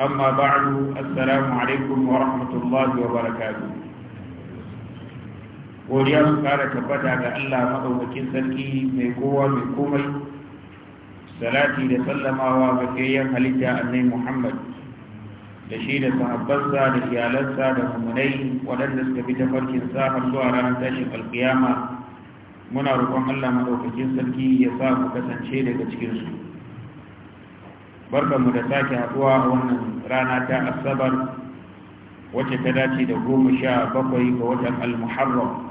أما بعد السلام عليكم ورحمة الله وبركاته godiya su kara tabbata ga Allah maɗaukakin sarki mai kowa mai komai salati da sallamawa ga fiyayyen halitta annai Muhammad da shi da sahabbansa da iyalansa da mummunai waɗanda suka bi ta farkin har zuwa ranar tashin alkiyama muna roƙon Allah maɗaukakin sarki ya sa mu kasance daga cikinsu barkanmu da sake haduwa a wannan rana ta asabar wacce ta dace da goma sha bakwai ga watan al-muharram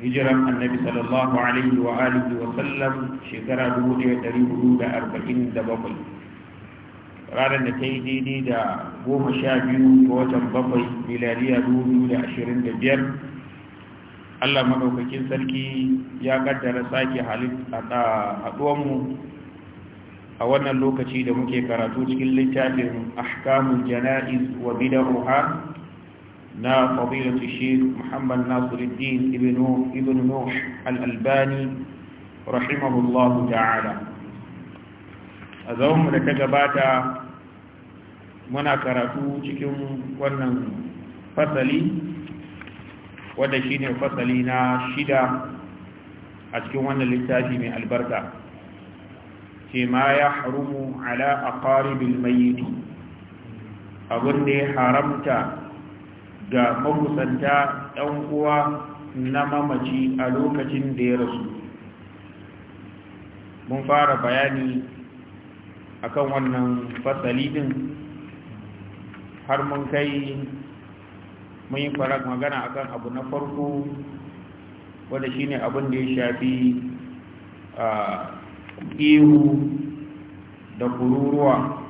hijiran annabi sallallahu alaihi wa alihi wa sallam shekara 1447 ranar da ta yi daidai da goma sha biyu ga watan bakwai miliyariya 2025 allah maɗaukakin sarki ya kaddara sake haɗuwanmu a wannan lokaci da muke karatu cikin littafin ahkamul jana'iz wa bid'ah na fadilatu shaykh Muhammad Nasiruddin ibn ibn Nuh al-Albani rahimahullahu ta'ala a zaman mu da ta gabata muna karatu cikin wannan fasali wanda shine fasali na shida a cikin wannan littafi mai albarka فيما يحرم على أقارب الميت abin da ya haramta ga makusanta ɗan uwa na mamaci a lokacin da ya rasu mun fara bayani a kan wannan fasalidin har mun kai mun yi fara magana kan abu na farko wanda shine abin da ya shafi a ah, ihu da kururuwa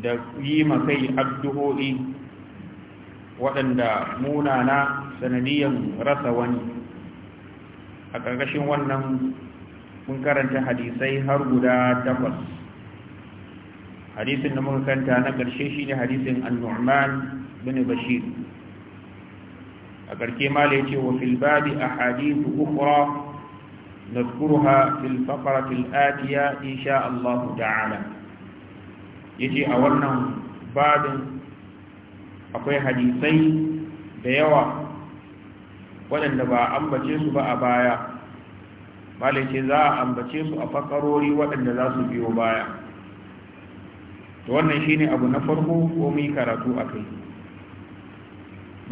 da yi makai addu'o'i waɗanda munana sanadiyan rasa wani a ƙarƙashin wannan mun karanta hadisai har guda takwas hadisin da muka kanta na ƙarshe shi ne hadisin annu'man bin bashir a ƙarƙe ma ya ce wa filbabi a hadisu ukura نذكرها في الفقرة الآتية إن شاء الله تعالى يجي أولنا بعد أقوي حديثي بيوى ولن نبا بجيس بأبايا مالك ذا بجيس أفقروري ولن نلاس بيوبايا wannan shine abu na farko ko mu karatu akai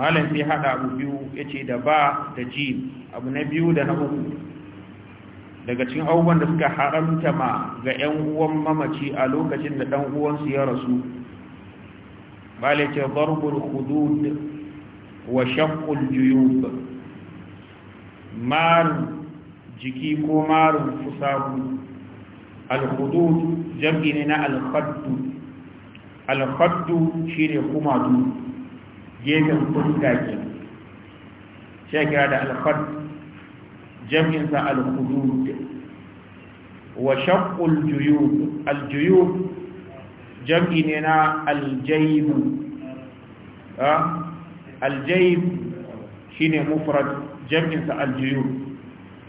malam sai hada abu biyu yace da ba da jim abu na biyu da na uku daga cikin abubuwan da suka haramta ma ga 'yan uwan mamaci a lokacin da ɗan uwansu ya rasu bale ce hudud wa shaqqul juyub mar jiki ko marun fusabu al-hudud jam'i ne na al-khaddu al ne shine du gefen fuska ke shekara da al jam'insa al-hudud wa shaqqul juyub al juyub jam'i ne na al jayb al jayb shine mufrad jam'in sa al juyub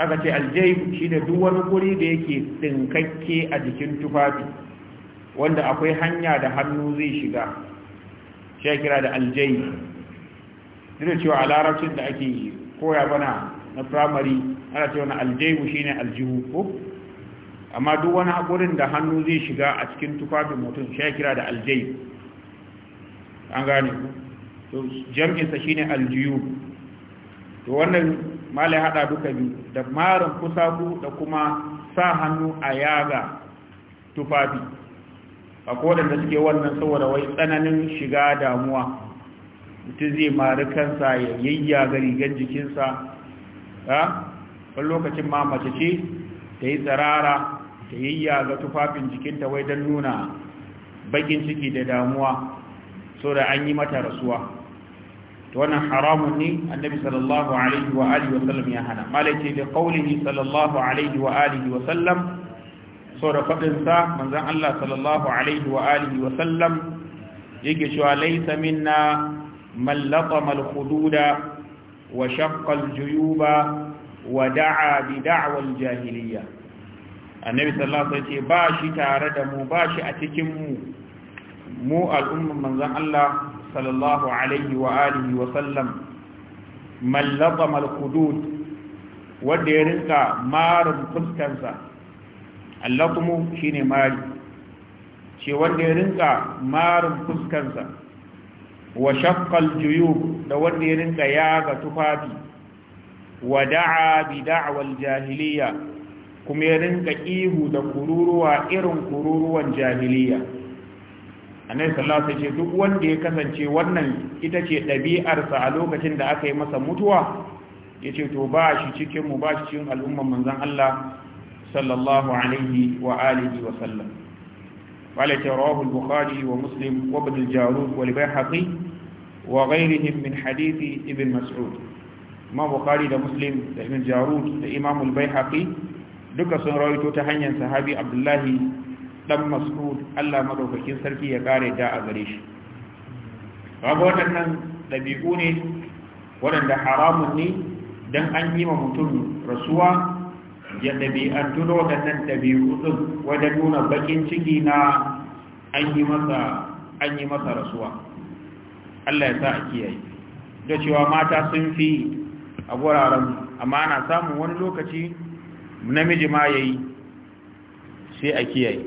aka ce al jayb shine duk wani guri da yake tsinkakke a jikin tufafi wanda akwai hanya da hannu zai shiga shi kira da al jayb duk cewa a larabcin da ake koya bana na primary ana cewa na aljaibu shine aljihu ko amma duk wani hakurin da hannu zai shiga a cikin tufafin mutum shi kira da aljai an gane to jam'insa shine aljiyu to wannan malai hada duka biyu da marin ku da kuma sa hannu a yaga tufafi a wadanda suke wannan saboda wai tsananin shiga damuwa mutum zai mari kansa ya yayyaga rigar jikinsa wani lokacin ma mace ce ta yi tsirara ta yayya ga tufafin jikinta wai don nuna bakin ciki da damuwa so da an yi mata rasuwa to wannan haramun ne annabi sallallahu alaihi wa alihi wa sallam ya hana malai da qaulihi sallallahu alaihi wa alihi wa sallam so da fadin manzan Allah sallallahu alaihi wa alihi wa sallam yake cewa laysa minna man latama wa shaqqa al-juyuba wa da'a bi da'wa al annabi sallallahu alaihi wasallam ba shi tare da mu ba shi a cikin mu mu al'umman manzon Allah sallallahu alaihi wa alihi wa sallam man lazama al-hudud wanda ya rinka marin fuskansa allatumu shine mari ce wanda ya rinka marin fuskansa wa shaqqal juyub da wanda ya rinka yaga tufafi wa da'a bi da'wal jahiliya kuma ya rinka ihu da kururuwa irin kururuwan jahiliya annabi sallallahu alaihi wasallam duk wanda ya kasance wannan ita ce ɗabi'arsa a lokacin da aka yi masa mutuwa Ya ce to ba shi cikin mu ba shi cikin al'umman manzon Allah sallallahu alaihi wa alihi wa sallam wala tarahu Rahul bukhari wa muslim wa ibn jarud wa al-bayhaqi wa ghayrihim min hadith ibn mas'ud imam bukhari da muslim da ibn jarud da imam al-bayhaqi duka sun rawaito ta hanyar sahabi abdullahi dan mas'ud Allah madaukakin sarki ya kare da a gare shi babu waɗannan ɗabi'u ne waɗanda haramun ne don an yi ma mutum rasuwa ya ɗabi'antu da waɗannan ɗabi'u ɗin nuna bakin ciki na an yi masa an yi masa rasuwa Allah ya sa a kiyaye da cewa mata sun fi a guraren amma ana samun wani lokaci namiji ma yayi sai a kiyaye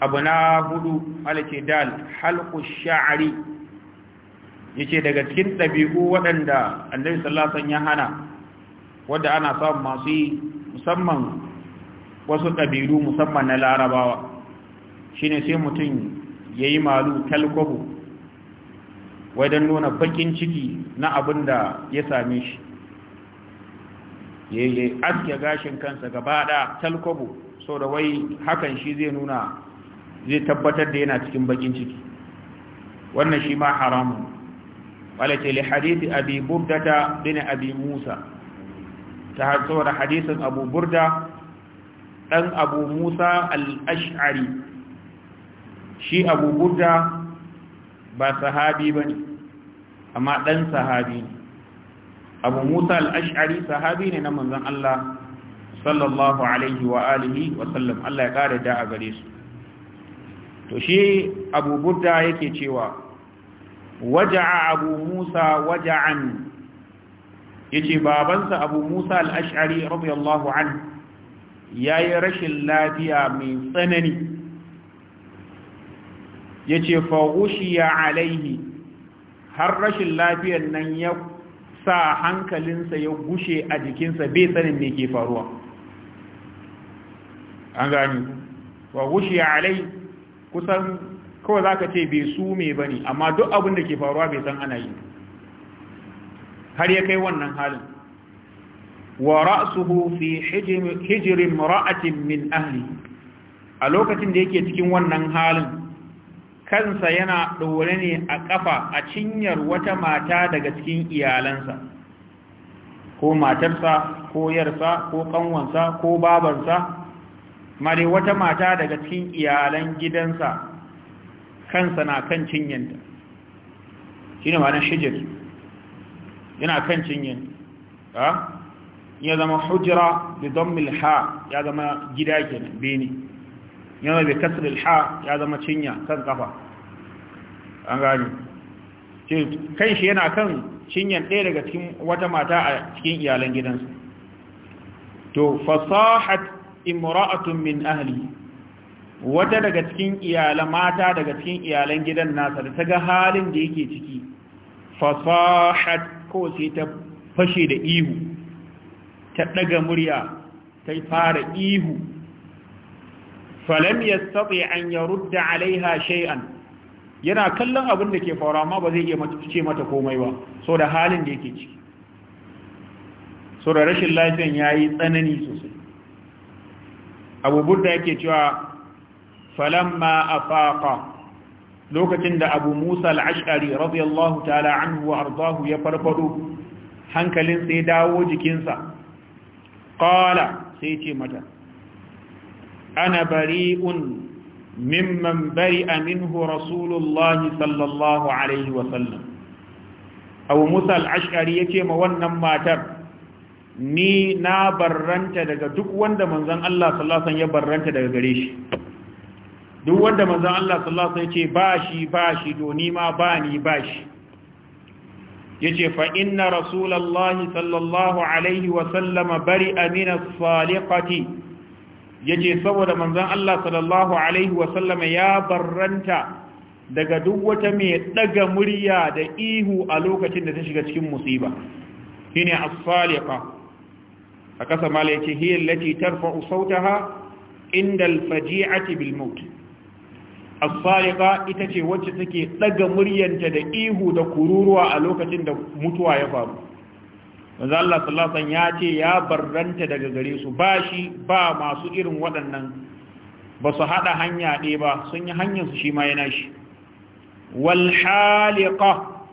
abu na hudu alake dal halqu sha'ri yace daga cikin ɗabi'u waɗanda annabi sallallahu ya hana wanda ana samun masu yi musamman wasu ƙabilu musamman na larabawa shine sai mutum yayi malu talkobo wajen nuna bakin ciki na abin da ya same shi ya yi aske gashin kansa gaba da talkobo so da wai hakan shi zai nuna zai tabbatar da yana cikin bakin ciki wannan shi ma haramun walace li hadithi abi ta bin abi musa ta da hadisin abu burda dan abu musa al-ash'ari shi abu burda ba sahabi bane amma dan sahabi ne abu musa al'ash'ari sahabi ne na manzan Allah sallallahu alaihi wa alihi wa Allah ya ƙara da a gare su to shi abu budda yake cewa waja'a abu musa waja'an ce babansa abu musa al'ash'ari radiyallahu an ya yi rashin lafiya mai tsanani ya ce fa wushi ya alaihi har rashin lafiyan nan ya sa hankalinsa ya gushe a jikinsa bai sanin me ke faruwa an gani wa gushe alai kusan kawai za ka ce bai su me ba ne amma duk abin da ke faruwa bai san ana yi har ya kai wannan halin wa ra'suhu fi hijirin ra'atin min ahli a lokacin da yake cikin wannan halin kansa yana ɗore ne a ƙafa a cinyar wata mata daga cikin iyalansa ko matarsa ko yarsa ko ƙanwansa ko babansa mare wata mata daga cikin iyalan gidansa kansa na kan cinyanta shi ne ma'anar shijir yana kan cinyanta ah? ya zama hujira da don milha ya zama gida kenan bene yana bai kasar ha ya zama cinya kan kafa an gani kan shi yana kan cinyan ɗaya daga cikin wata mata a cikin iyalan gidansu to fasahat imra'atun min ahli wata daga cikin iyalan mata daga cikin iyalan gidan nasa da ta ga halin da yake ciki fasahat ko sai ta fashe da ihu ta ɗaga murya ta fara ihu falam yastati an yarudda alaiha shay'an yana kallon abin da ke faruwa amma ba zai iya ce mata komai ba so da halin da yake ciki so da rashin lafiyan yayi tsanani sosai Abu Burda yake cewa ma afaqa lokacin da Abu Musa al-Ash'ari radiyallahu ta'ala anhu wa ardahu ya farfado hankalin sai dawo jikinsa qala sai ce mata أنا بريء ممن برئ منه رسول الله صلى الله عليه وسلم أو موسى العشعري يكيم ونم ماتر ni na barranta daga duk wanda manzon Allah sallallahu alaihi wasallam daga gare shi duk wanda manzon Allah sallallahu alaihi ya ce ba shi ba ni ma ba ni yace fa inna rasulullahi sallallahu alaihi wasallam bari'a yace saboda manzon Allah sallallahu alaihi ya barranta daga duk wata mai daga murya da ihu a lokacin da ta shiga cikin musiba shine as-saliqa a kasa mala yace hiya allati tarfa'u sautaha inda al-faji'ati bil bilmut. as ita ce wacce take daga muryanta da ihu da kururuwa a lokacin da mutuwa ya faru manzo Allah sallallahu ya ce ya barranta daga gare su ba shi ba masu irin waɗannan ba su haɗa hanya ɗaya ba sun yi hanyar su shi ma yana shi wal haliqa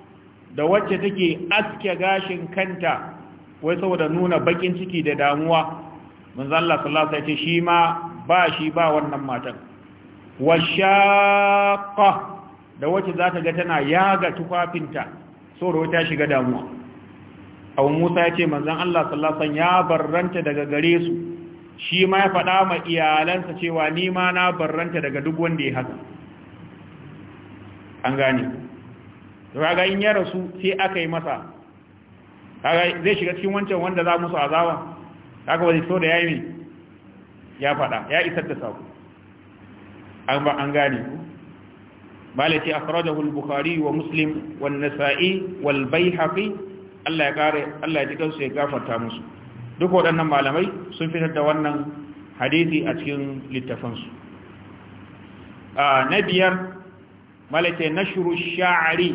da wacce take aske gashin kanta wai saboda nuna bakin ciki da damuwa manzo Allah sallallahu alaihi ya ce shi ma ba shi ba wannan matan washaqa da wacce za ta ga tana yaga tufafinta saboda ta shiga damuwa abu musa ya ce manzan Allah sallasan ya barranta daga gare su shi ma ya faɗa ma iyalansa cewa ni ma na barranta daga duk wanda ya haka an gane raga in ya rasu sai aka yi masa kaga zai shiga cikin wancan wanda za musu azawa kaga wani so da ya yi ya faɗa ya isar da sako an ba an gane ku malati akhrajahu al-bukhari wa muslim wan nasa'i wal bayhaqi Allah ya kare Allah ya ji kansu ya gafarta musu duk waɗannan malamai sun fitar da wannan hadithi a cikin littafansu na biyar malaka shuru sha'ari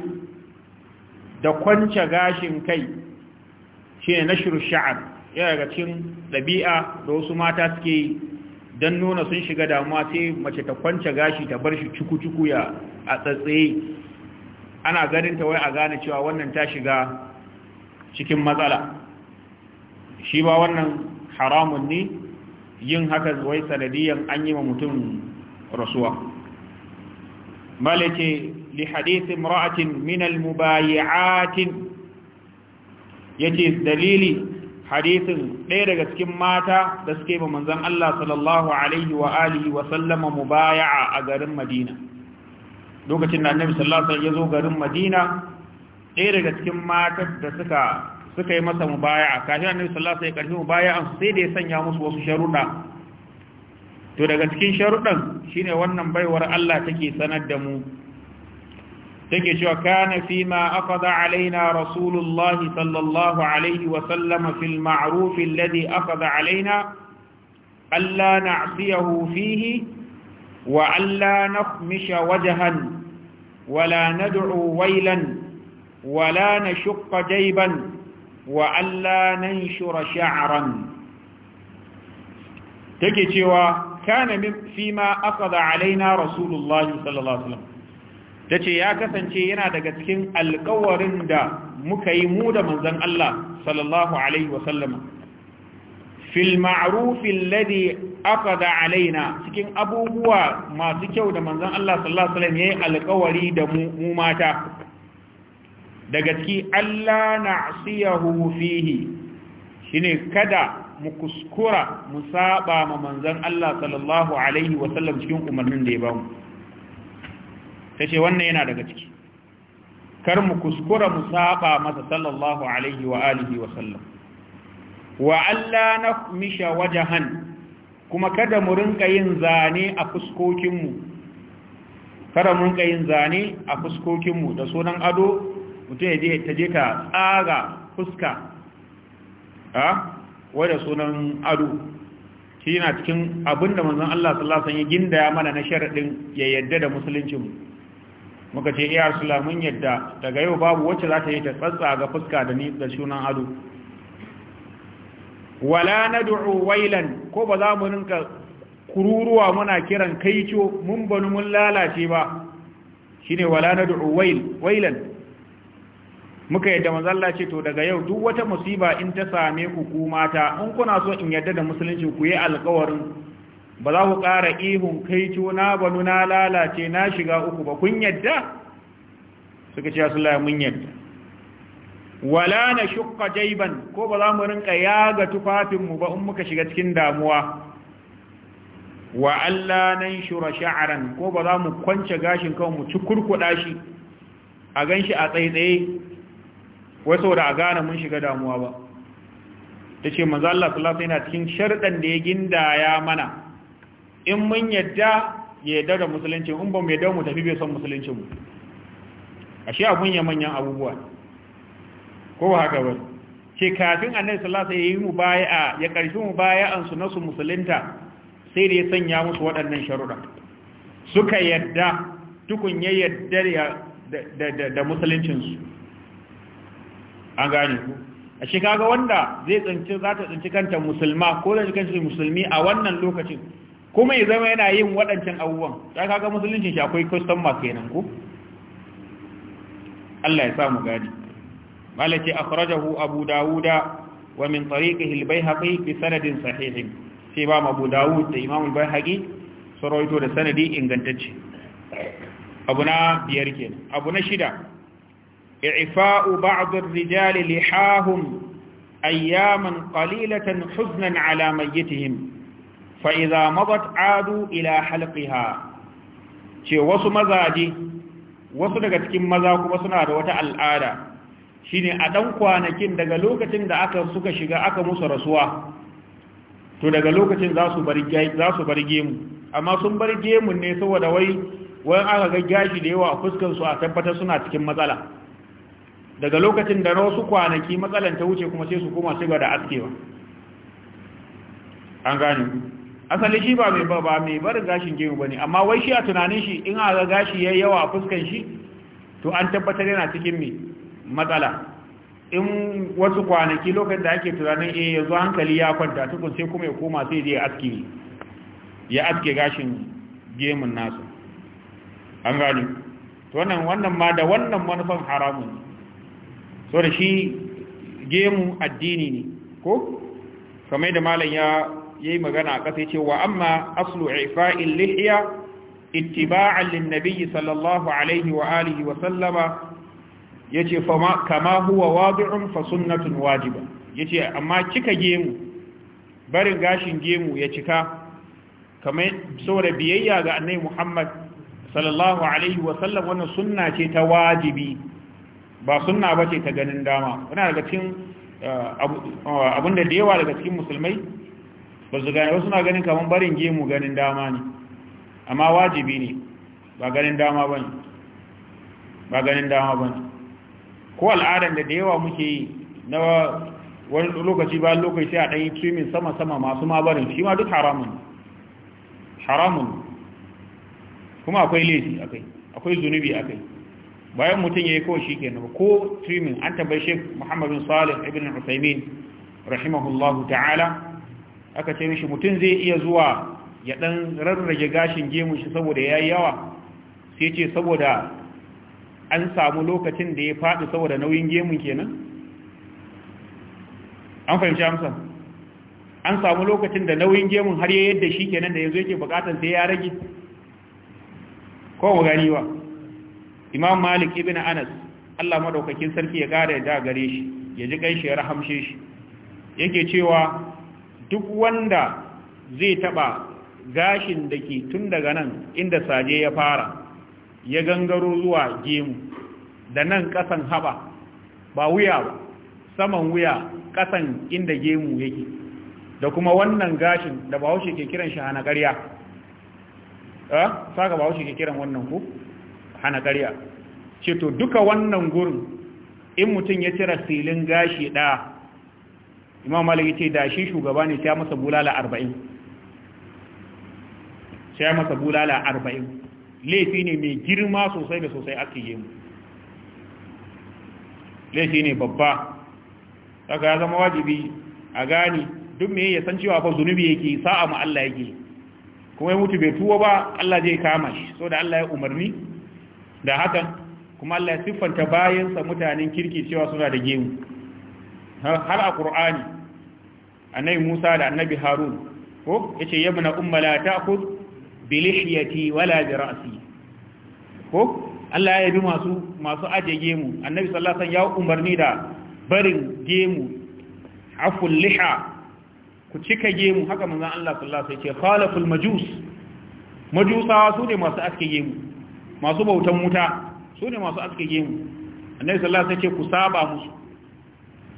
da kwanci gashin kai shi ne na shuru sha'ar yana daga cikin ɗabi'a da wasu mata suke yi don nuna sun shiga damuwa sai mace ta kwance gashi ta bar shi cuku-cuku ya a tsatsaye ana ganin ta wai a gane cewa wannan ta shiga cikin matsala shi ba wannan haramun ne yin haka wai sanadiyan an yi ma mutum rasuwa malake li hadithin ra'atin min al-mubayi'atin yace dalili hadisin ɗaya daga cikin mata da suke ba manzan Allah sallallahu alaihi wa alihi wa sallama mubaya'a a garin Madina lokacin da Annabi sallallahu alaihi Sallam ya zo garin Madina ɗaya daga cikin matar da suka suka yi masa mubaya'a kafin annabi sallallahu alaihi wasallam ya karfi mubaya sai da ya sanya musu wasu sharuɗa to daga cikin sharuɗan shine wannan baiwar Allah take sanar da mu take cewa kana fi ma afada alaina rasulullahi sallallahu alaihi wa sallama fil ma'ruf alladhi afada alaina alla na'siyahu fihi wa alla nakhmisha wajhan wala nad'u waylan ولا نشق جيبا وألا ننشر شعرا تكي كان فيما أخذ علينا رسول الله صلى الله عليه وسلم ta ce ya kasance yana daga cikin alkawarin da muka yi mu da manzan Allah sallallahu Alaihi wasallama fil alaina cikin abubuwa masu kyau da manzan Allah sallallahu ya yi alkawari da mu mata daga ciki Allah na na'siyahu fihi shine kada mu kuskura mu saba ma manzon Allah sallallahu alaihi wa sallam cikin umarnin da ya bamu tace wannan yana daga ciki kar mu kuskura mu saba masa sallallahu alaihi wa alihi wa sallam wa Allah misha wajahan kuma kada mu rinka yin zane a fuskokinmu kada mu rinka yin zane a fuskokinmu da sunan ado mutum ya je ta je ta tsara fuska a wadda sunan ado shi yana cikin abin da manzon Allah sallallahu yi ginda ya mana na sharaɗin ya yadda da musuluncin muka ce iya rasulullah mun yadda daga yau babu wacce za ta yi ta tsatsa ga fuska da ni da sunan ado wala na nad'u wailan ko ba za mu rinka kururuwa muna kiran kaico mun banu mun lalace ba shine wala na wail wailan muka yadda manzo Allah ce to daga yau duk wata musiba in ta same ku ku mata in kuna so in yadda da musulunci ku yi alƙawarin ba za ku ƙara ihun kai na banu na lalace na shiga uku ba kun yadda suka ce Allah mun yadda wala na shukka jaiban ko ba za mu rinka yaga mu ba in muka shiga cikin damuwa wa Allah nan shura sha'aran ko ba za mu kwance gashin kanmu ci kurkuɗa shi a ganshi a tsaitsaye wai saboda a gane mun shiga damuwa ba ta ce manzo Allah sallallahu yana cikin sharɗan da ya gindaya mana in mun yadda ya yadda da musulunci in ba mu yadda mu tafi bai son musulunci mu ashe abun ya manyan abubuwa ko haka ba ce kafin annabi sallallahu alaihi wasallam ya yi bai'a ya karfi bai'an su nasu musulunta sai da ya sanya musu waɗannan sharuɗa suka yadda tukun ya yadda da musuluncinsu an gane ku a shi kaga wanda zai tsinci za ta tsinci kanta musulma ko zai kanta musulmi a wannan lokacin kuma ya zama yana yin waɗancan abubuwan ta kaga musuluncin shi akwai kwastamma kenan ku Allah ya samu gani malaki akhrajahu abu dawuda wa min tariqihi al-baihaqi bi sanadin sahihin sai ba abu dawud da imam al-baihaqi sun da sanadi ingantacce abu na biyar kenan abu na shida إعفاء بعض الرجال لحاهم أياما قليلة حزنا على ميتهم فإذا مضت عادوا إلى حلقها ce wasu mazaje wasu daga cikin maza kuma suna da wata al'ada shine a dan kwanakin daga lokacin da aka suka shiga aka musu rasuwa to daga lokacin za su bari gemu amma sun bari gemu ne saboda wai wani aka ga gashi da yawa a su a tabbatar suna cikin matsala daga lokacin da na wasu kwanaki matsalan ta wuce kuma sai su koma shiga da askewa an gane asali shi ba mai ba mai barin gashin gemu bane amma wai shi a tunanin shi in aka gashi yayi yawa a fuskan shi to an tabbatar yana cikin me matsala in wasu kwanaki lokacin da ake tunanin eh yanzu hankali ya kwanta tukun sai kuma ya koma sai dai aski ya aske gashin gemun nasu an gane to wannan wannan ma da wannan manufan haramun ne so da shi gemu addini ne ko kamar da malam ya yi magana a ƙasa cewa amma aslu ifa'in lihiya ittiba'an linnabi sallallahu alaihi wa alihi wa sallama ya ce kama huwa wadi'un fa sunnatun wajiba ce amma cika gemu barin gashin gemu ya cika kamar saboda biyayya ga annai Muhammad sallallahu alaihi wa sallam wannan sunna ce ta wajibi ba sunna ba ce ta ganin dama Kuna daga cikin eh, abinda eh, da yawa daga cikin musulmai ba su gane wasu na ganin kamar barin gemu ganin dama ne amma wajibi ne ba ganin dama ba ne ba ganin dama ba ne ko al'adar da da yawa muke yi na wani lokaci bayan lokaci a ɗanyi trimin sama-sama masu ma barin shi ma duk haramun haramun kuma akwai lezi akai akwai zunubi akai bayan mutum ya yi kawai shi kenan ko trimin an tabbai shek muhammadin salih ibn usaimin rahimahullahu ta'ala aka ce mishi mutum zai iya zuwa ya dan rarrage gashin gemun shi saboda ya yi yawa sai ce saboda an samu lokacin da ya faɗi saboda nauyin gemun kenan an fahimci amsa an samu lokacin da nauyin gemun har ya yadda shi kenan da yanzu yake bukatar sai ya rage kowa gani ba imam malik ibn anas Allah madaukakin sarki ya gare da gare shi ya ji shi ya rahamshe shi yake cewa duk wanda zai taba gashin da ke tun daga nan inda saje ya fara ya gangaro zuwa gemu da nan kasan haba ba wuya ba saman wuya kasan inda gemu yake da kuma wannan gashin da bahaushe ke kiran shi hana ƙarya eh saka bahaushe ke kiran wannan ku hana ƙarya ce to duka wannan gurin in mutum ya cire silin gashi ɗaya imam malik ce da shi shugaba ne sai masa bulala arba'in sai masa bulala arba'in laifi ne mai girma sosai da sosai ake yi laifi ne babba daga ya zama wajibi a gani duk me ya san cewa fa zunubi yake sa'a ma Allah yake kuma ya mutu bai tuwo ba Allah zai kama shi so da Allah ya umarni da hakan kuma Allah ya siffanta bayansa mutanen kirki cewa suna da gemu har a Qur'ani annabi Musa da annabi Harun ko yace yabna umma la ta'khudh bi lihyati wala bi ra'si ko Allah ya bi masu masu aje gemu annabi sallallahu alaihi wasallam ya umarni da barin gemu aful liha ku cika gemu haka manzon Allah sallallahu alaihi wasallam ya ce khalaful majus majusawa su ne masu aske gemu masu bautan wuta su ne masu aske gemu annabi sallallahu ce ku saba musu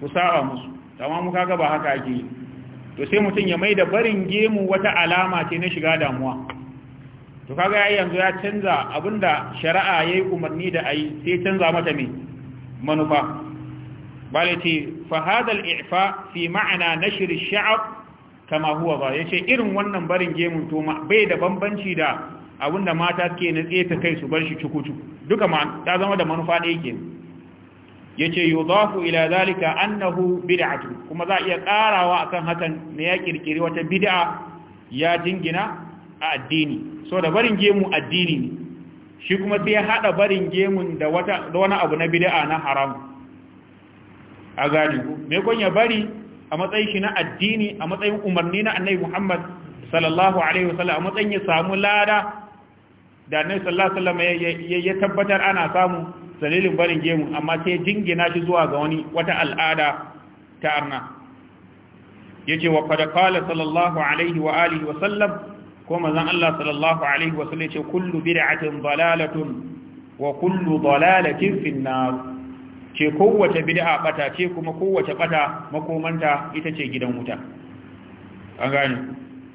ku saba musu tamam muka gaba haka ake yi to sai mutum ya mai da barin gemu wata alama ce na shiga damuwa to kaga yayi yanzu ya canza abinda shari'a ya yi umarni da ayi sai canza mata me manufa bale ce fa hadha al-i'fa fi ma'na nashr al shar kama huwa ba yace irin wannan barin gemun to bai da bambanci da abinda mata suke na tsefe kai su bar shi cuku duka ma ta zama da manufa ɗaya ke ya ce yudafu ila zalika annahu bid'atu kuma za a iya ƙarawa akan hakan na ya kirkiri wata bid'a ya jingina a addini so da barin gemu addini ne shi kuma sai ya haɗa barin gemun da wata wani abu na bid'a na haram a gani ku me kun ya bari a matsayin shi na addini a matsayin umarni na annabi Muhammad sallallahu alaihi wasallam a matsayin ya samu lada da annabi sallallahu alaihi wasallam ya tabbatar ana samu dalilin barin gemu amma sai jingina shi zuwa ga wani wata al'ada ta arna yace wa qad qala sallallahu alaihi wa alihi wa sallam ko manzon Allah sallallahu alaihi wa sallam yace kullu bid'atin dalalatun wa kullu dalalatin an nar ce kowace bid'a bata ce kuma kowace bata makomanta ita ce gidan wuta an gane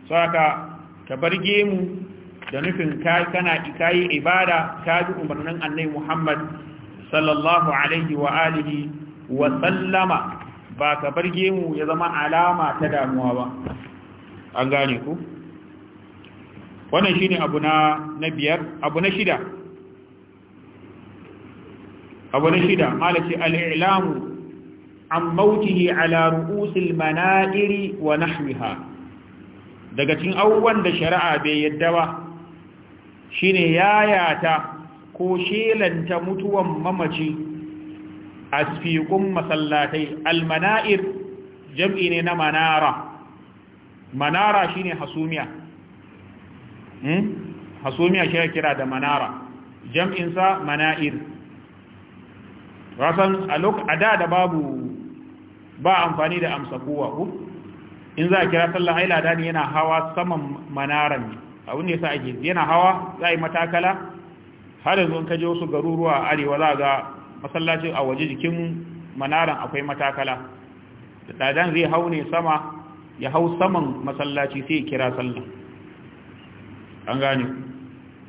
saka ta bar gemu da nufin kana kayi ibada ka bi umarnin annai Muhammad sallallahu alaihi wa alihi wa sallama ba ka barge mu ya zama alama ta damuwa ba an gane ku wannan shine abu na biyar abu na shida abu na shida malaki al-i'lamu an mautihi ala ru'usil mana'iri wa nahmiha. daga cin abubuwan da shari'a bai yadda ba shine yayata ko shelanta mutuwan mamaci asfiqum masallatai almana'ir jam'i ne na manara manara shine hasumiya hmm hasumiya shi kira da manara jam'in sa mana'ir rasan a ada da babu ba amfani da amsa kowa in za a kira sallah aila da yana hawa saman manaran abin da sa ake yana hawa za a yi matakala har yanzu ka je wasu garuruwa a arewa za ga masallacin a waje jikin manaran akwai matakala da ɗadan zai hau ne sama ya hau saman masallaci sai ya kira sallah an gane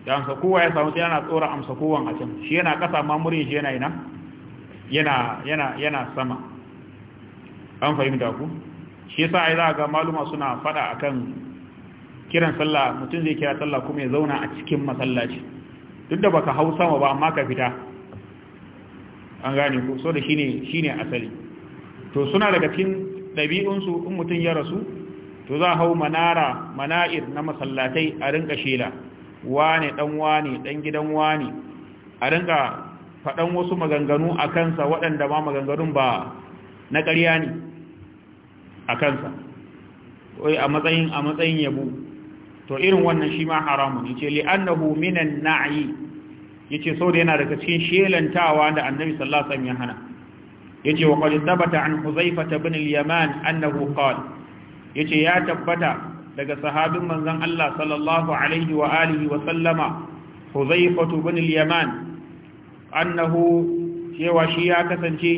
da amsa kowa ya samu sai yana tsora amsa kowan a can shi yana ƙasa mamurin shi yana yana yana sama an fahimta ku shi a yi za ga maluma suna fada akan kiran sallah mutum zai kira sallah kuma ya zauna a cikin masallaci duk da baka hau sama ba amma ka fita an gane ku so da shine shine asali to suna daga cikin su in mutum ya rasu to za hau manara mana'ir na masallatai a rinka shela wane dan wane dan gidan wane a rinka faɗan wasu maganganu a kansa waɗanda ma maganganun ba na ƙarya ne a kansa a matsayin a matsayin yabo to irin wannan shi ma haramun yace li annahu minan na'i yace so da yana daga cikin shelantawa da annabi sallallahu alaihi wasallam ya hana yace wa qad thabata an huzaifa ibn al-yaman annahu qala yace ya tabbata daga sahabin manzon Allah sallallahu alaihi wa alihi wa sallama huzaifa ibn al-yaman annahu cewa shi ya kasance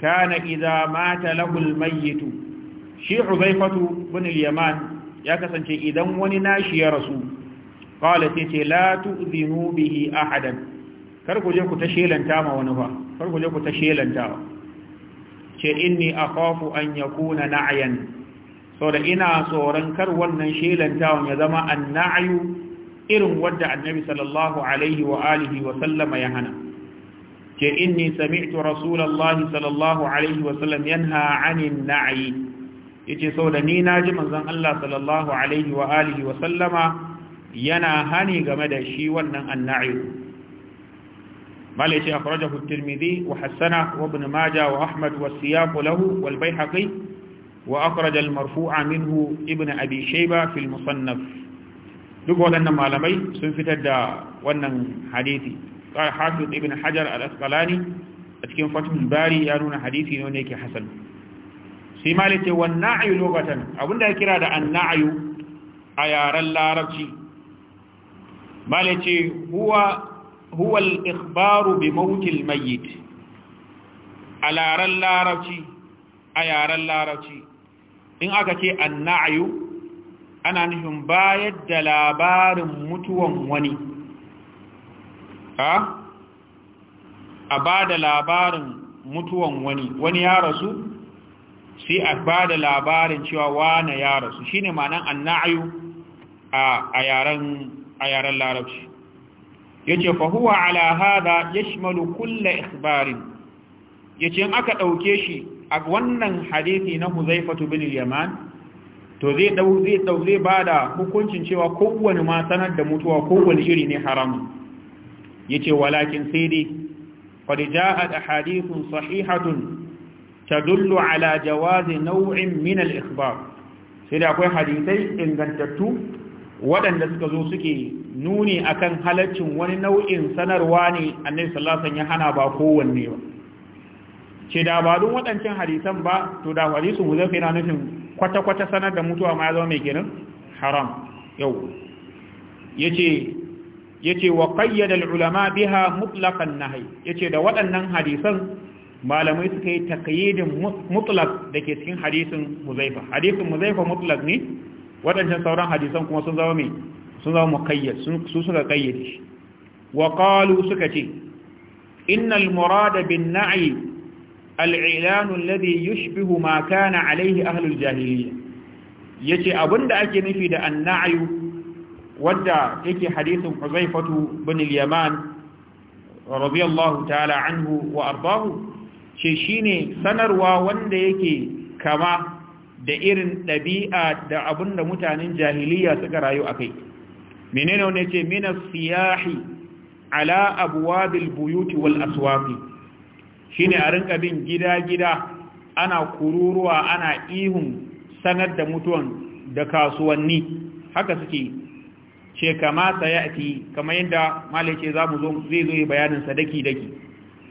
kana idza mata lahu al-mayyit shi huzaifa ibn al-yaman ya kasance idan wani nashi ya rasu qala sai ce la tu'zinu bihi ahadan kar ku je ku ta shelanta ma wani ba kar ku je ku ta shelanta ce inni akhafu an yakuna na'yan saboda ina tsoron kar wannan shelantawan ya zama anna'yu irin wanda annabi sallallahu alaihi wa alihi wa sallama ya hana ce inni sami'tu rasulullahi sallallahu alaihi wa sallam yanha 'anil na'yi yace sau da ni na ji manzon Allah sallallahu alaihi wa alihi wa sallama yana hani game da shi wannan anna'ir malaki yace akhrajahu at-tirmidhi wa hasana wa ibn majah wa ahmad wa siyaq lahu wal bayhaqi wa akhraj al-marfu'a minhu ibn abi shayba fi al-musannaf duk waɗannan malamai sun fitar da wannan hadisi Hafiz Ibn قال حافظ ابن cikin الأسقلاني ya nuna hadisi يرون حديثي نونيك حسن sai malike wan na'yu lugatan abinda ya kira da an na'yu a yaren larabci malike huwa huwa al-ikhbaru bi mawtil mayyit a yaren larabci a yaren larabci in aka ce an na'yu ana nufin bayar da labarin mutuwan wani a ba da labarin mutuwan wani wani ya rasu sai a ba da labarin cewa wane ya rasu shine ma'anan anna'ayu a yaren a yaren larabci yace fa huwa ala hada yashmalu kull isbarin ya ce aka dauke shi a wannan hadithi na Huzaifatu bin yaman to zai dau zai ba da hukuncin cewa kowane ma sanar da mutuwa kowane iri ne ya ce walakin sai dai qad ja'at hadithun sahihatun tadullu ala jawazi nau'in min al-ikhbar sai da akwai hadisai ingantattu waɗanda suka zo suke nuni akan halaccin wani nau'in sanarwa ne annabi sallallahu alaihi wasallam hana ba kowanne ba ce da ba don waɗancan hadisan ba to da hadisin huzaifa na nufin kwata-kwata sanar da mutuwa ma ya zama mai ginin haram yau yace yace wa qayyada al-ulama biha mutlaqan nahy yace da waɗannan hadisan malamai suka yi mutlak da dake cikin hadisin Huzaifa hadisin Huzaifa mutlak ne wadannan sauran hadisan kuma sun zama me sun zama su suka kayyade shi wa qalu suka ce innal murada bin na'i al-i'lan alladhi yushbihu ma kana alayhi ahlul jahiliyya yace abinda ake nufi da an wanda wadda yake hadisin Huzaifatu bin al-Yaman radiyallahu ta'ala anhu wa ardahu ce ne sanarwa wanda yake kama da irin ɗabi'a da abin da mutanen jahiliya suka rayu a kai menene wanda ce mina siyahi ala abuwabil buyuti wal Shi ne a rinka bin gida-gida ana kururuwa ana ihun sanar da mutuwan da kasuwanni haka suke ce kama sayati kama yadda malice za mu zo zai zo bayanin sadaki daki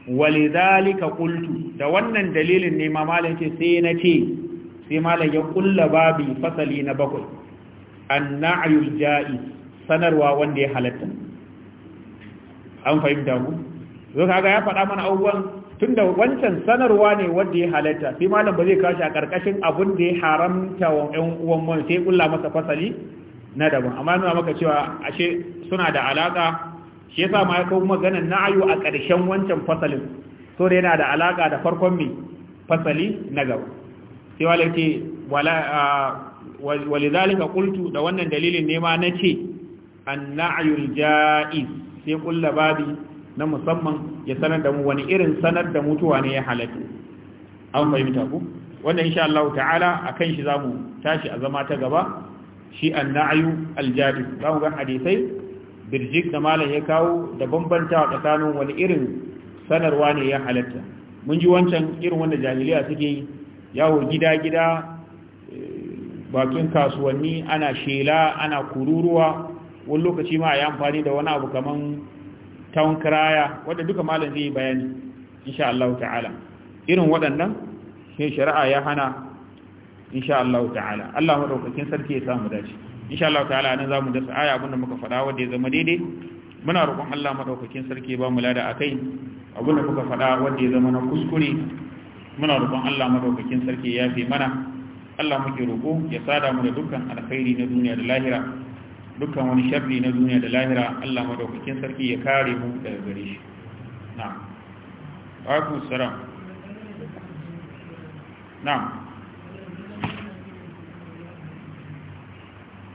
walidhalika qultu da wannan dalilin ne mamalin ce sai na ce sai malam ya kulla babi fasali na bakwai annayul ja'i sanarwa wanda ya halatta an fahimta mu zo kaga ya faɗa mana abubuwan tunda wancan sanarwa ne wanda ya halatta sai malam ba zai kashi a karkashin abun da ya haramta wa ƴan uwan mu sai kulla masa fasali na daban amma nuna maka cewa ashe suna da alaka shi yasa ma ya kawo maganar na'ayu a ƙarshen wancan fasalin so da yana da alaka da farkon mai fasali na gaba sai wala walizalika qultu da wannan dalilin ne ma nace an-na'yul ja'iz sai kulla babi na musamman ya sanar da mu wani irin sanar da mutuwa ne ya halatta an fahimta ku wannan insha Allah ta'ala akan shi zamu tashi a zama ta gaba shi an-na'yu al zamu ga hadisai birjik da malam ya kawo da bambanta tsakanin wani irin sanarwa ne ya halatta mun ji wancan irin wanda jahiliya suke yawo gida-gida eh, bakin kasuwanni ana shela ana kururuwa wani lokaci ma a yi amfani da wani abu kaman town kiraya wadda duka malam zai bayani insha Allah ta'ala irin waɗannan shi shari'a ya hana insha Allah ta'ala Allah maɗaukakin sarki ya samu dace insha Allah ta'ala nan zamu dasa aya abinda muka faɗa wanda ya zama daidai muna roƙon Allah madaukakin sarki ba mu lada akai abinda muka faɗa wanda ya zama na kuskure muna roƙon Allah madaukakin sarki ya fi mana Allah muke roƙo ya sada mu da dukkan alkhairi na duniya da lahira dukkan wani sharri na duniya da lahira Allah madaukakin sarki ya kare mu daga gare shi na'am wa alaikum na'am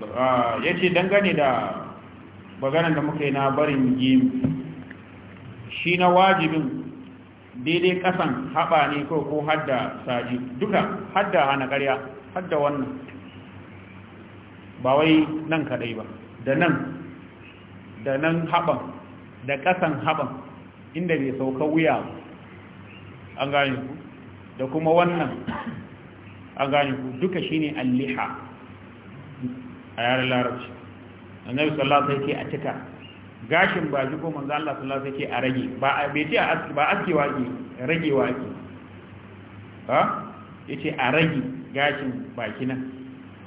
Ah, ya ce dangane da maganar da muka yi na barin gim shi na wajibin daidai kasan haɓa ne ko ko hadda saji duka hadda hana ƙarya hadda wannan ba wai nan kaɗai ba da nan da nan haɓan da ƙasan haɓan inda bai sauka wuya an gani ku da kuma wannan an gani ku duka shine alliha a yaren larabci annabi sallallahu alaihi wasallam a cika gashin ba ko manzo Allah sallallahu alaihi wasallam a rage ba be ce a ba aski ke rage ke ha yace a rage gashin baki nan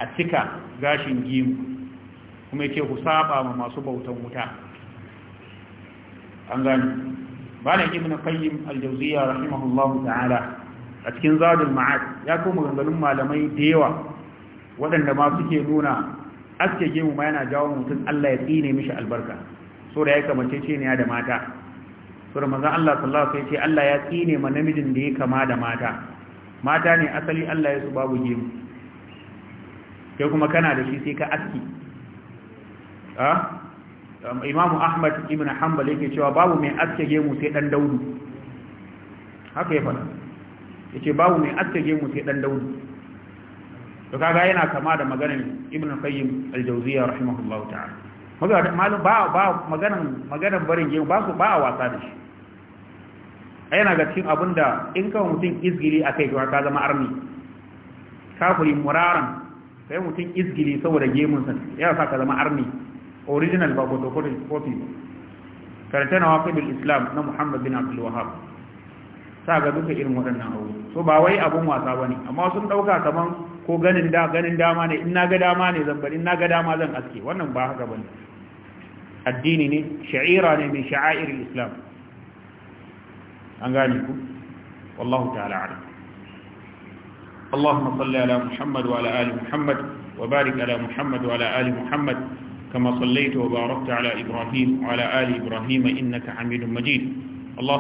a cika gashin gimu kuma yace ku saba ma masu bautan wuta an gani malam ibn qayyim al-jawziyya rahimahullahu ta'ala a cikin zadul ma'ad ya kuma ganganin malamai da yawa waɗanda ma suke nuna aske gemu ma yana jawo mutum Allah ya tsine mishi albarka so da ya kamace ce ne da mata so da manzon Allah sallallahu alaihi wasallam ya ce Allah ya tsine ma namijin da ya kama da mata mata ne asali Allah ya su babu gemu sai kuma kana da shi sai ka aski Imam ahmad ibn hanbal yake cewa babu mai aske gemu sai dan daudu haka ya fara yake babu mai aske gemu sai dan daudu to kaga yana kama da maganar ibn qayyim al-jawziyya rahimahullahu ta'ala magana ba ba maganar maganar barin gemu ba su ba a wasa da shi yana ga cikin abinda in ka mutum izgili akai to ka zama arni kafiri muraran kai mutum izgili saboda gemun sa ya sa ka zama arni original ba ko copy karanta na bil islam na muhammad bin abdul wahhab sa ga duka irin waɗannan abu so ba wai abun wasa bane amma sun dauka kaman ko ganin da ganin dama ne in naga dama ne zan bari in naga dama zan aske wannan ba haka bane addini ne sha'ira ne min sha'airil islam an gane ku wallahu ta'ala alim muhammad wa على محمد muhammad wa محمد وبارك muhammad محمد وعلى آل محمد كما صليت وباركت على إبراهيم وعلى آل إبراهيم إنك حميد مجيد اللهم